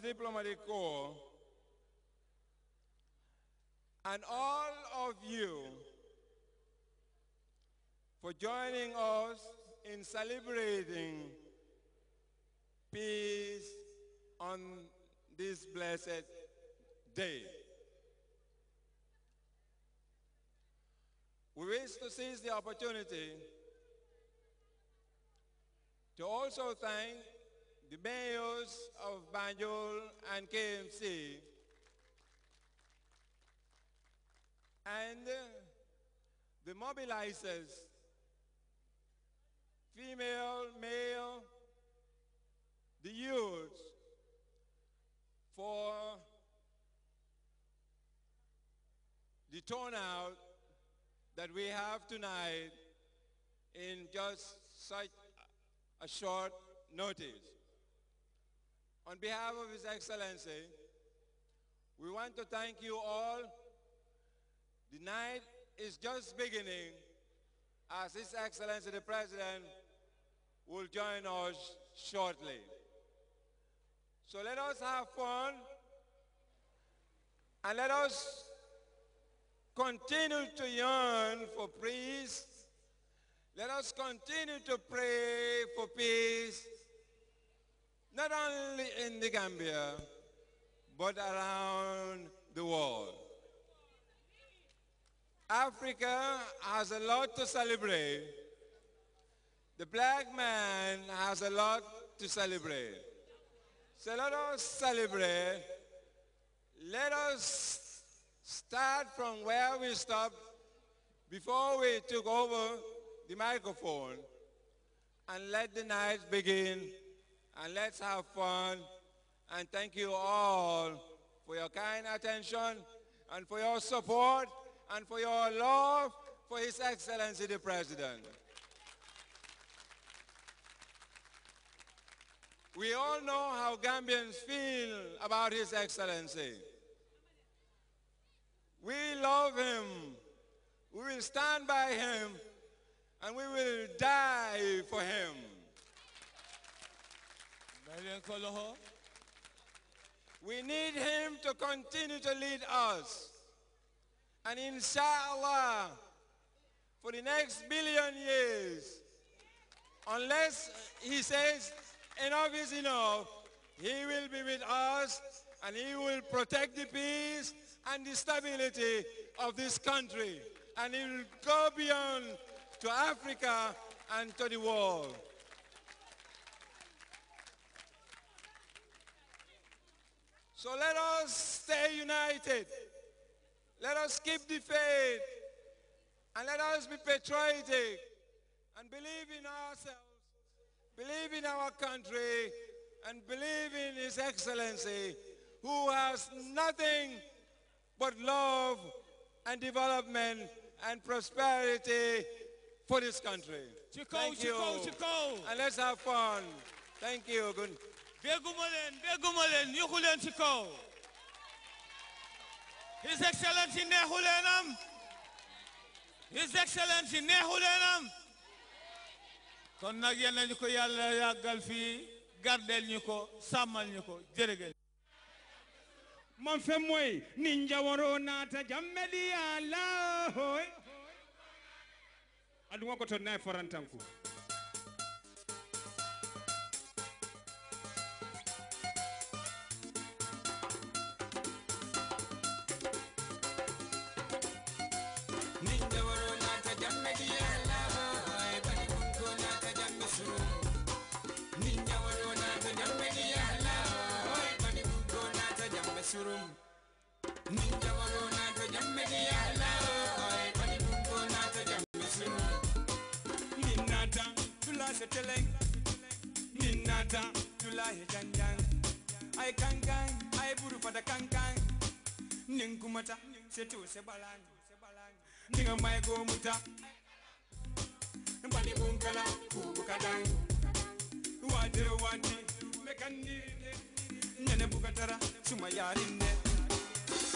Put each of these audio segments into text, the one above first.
the diplomatic corps, and all of you for joining us in celebrating peace on this blessed day. We wish to seize the opportunity to also thank the mayors of Banjul and KMC, and uh, the mobilizers, female, male, the youth, for the turnout that we have tonight in just such a short notice. On behalf of His Excellency, we want to thank you all. The night is just beginning as His Excellency the President will join us shortly. So let us have fun and let us continue to yearn for peace. Let us continue to pray for peace not only in the Gambia, but around the world. Africa has a lot to celebrate. The black man has a lot to celebrate. So let us celebrate. Let us start from where we stopped before we took over the microphone and let the night begin and let's have fun. And thank you all for your kind attention and for your support and for your love for His Excellency the President. We all know how Gambians feel about His Excellency. We love him. We will stand by him and we will die for him. We need him to continue to lead us. And inshallah, for the next billion years, unless he says enough is enough, he will be with us and he will protect the peace and the stability of this country. And he will go beyond to Africa and to the world. So let us stay united. Let us keep the faith. And let us be patriotic and believe in ourselves, believe in our country, and believe in His Excellency, who has nothing but love and development and prosperity for this country. Chico, Thank Chico, you. Chico. And let's have fun. Thank you. Good. bégguma leen bégguma leen yuxu leen ci kaw His Excellency neexu leen His Excellency neexu leen kon nag yal nañu ko yàlla yàggal fii gardeel ñu ko sàmmal ñu ko jërëgéen man fe mooy nin jawaro naata jammeli yàlla hoy aɗum wagoto nayi forantanku teleng Nin I tulahi for the kangkang ai buru se kangkang se balang se balang. Ninga mai go muta Bani bunkala kubu kadang Wade wati mekandi Nene bukatara suma yarinde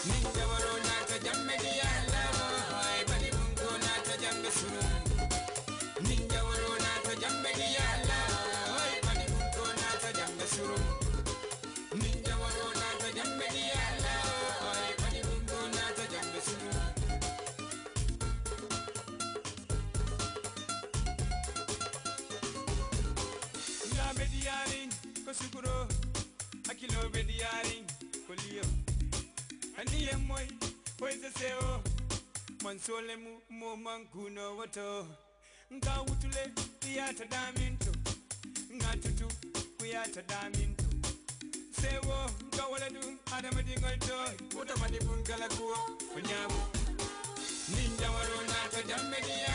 Ninja baroni yarin kuliyo, aniyam moy hoy se seo man sole mu mo man kuno wato nga wutule ya ta daminto nga tutu ku ya ta daminto sewo nga wala dum adama dingol to wota mani bun kuwa kunyamu ninja waro na ta jammediya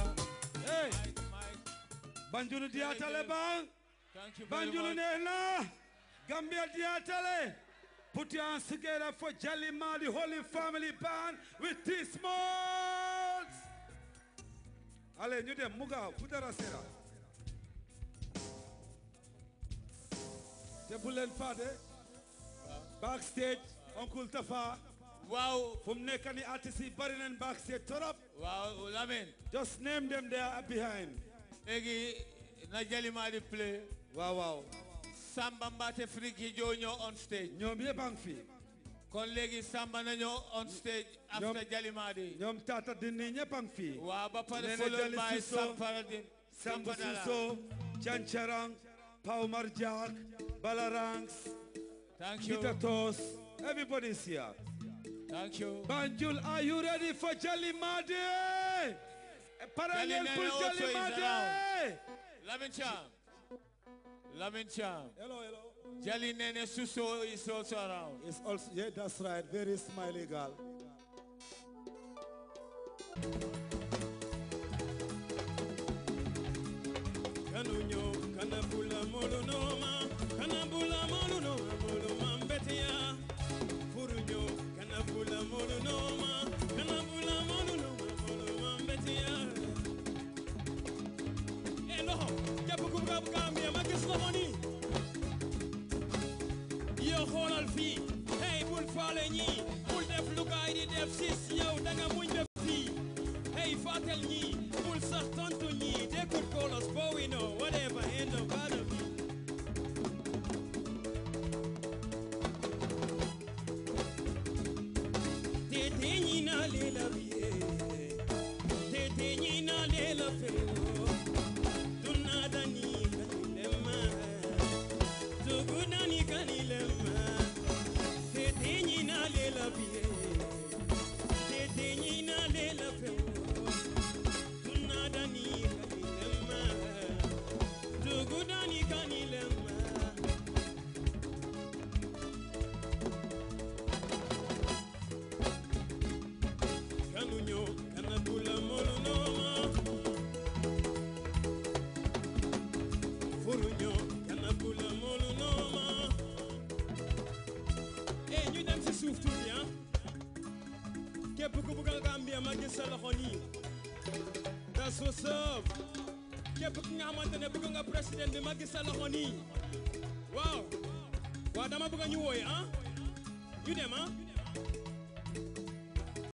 Banjulu Diatale Bang. Banjulu Nena. Gambia Diatale. Put your hands together for Jalima, the Holy Family Band, with this mods. Ale, nyude muga, kutara sera. Tebulen father, Backstage, Uncle Tafa. Wow. From Nekani Artisi, Barin and Backstage, Wow, Lamin. Just name them there behind léegi na Jalimaadi play. Wow, wow. Samba Mbaate Friki jonyo on stage. ñoom bangfi. a kon léegi Samba nanyo on stage. after after Jalimaadi. Nyom Tata Dine ñëpp a ngi fi. waaw ba pare followed by Sampara Dine. Samba Suso Cancarang Paw Marjak Balarangs. thank you Kitatos everybody is here. thank you. Banjul are you ready for madi? parallèle pour Love and charm. Hello, hello. nene Suso is also around. It's also, yeah, that's right. Very smiley girl. Michael they could call us Bowie, no, whatever, end of Adam. Te teñina lela vie, te teñina lela fela. suuf tuuti ah képp ku bëgg a Gambia ma gis sa loxo nii that's what's up képp ki nga nga président bi ma gis loxo nii waaw waaw dama bëgg ñu wooye ah ñu dem ah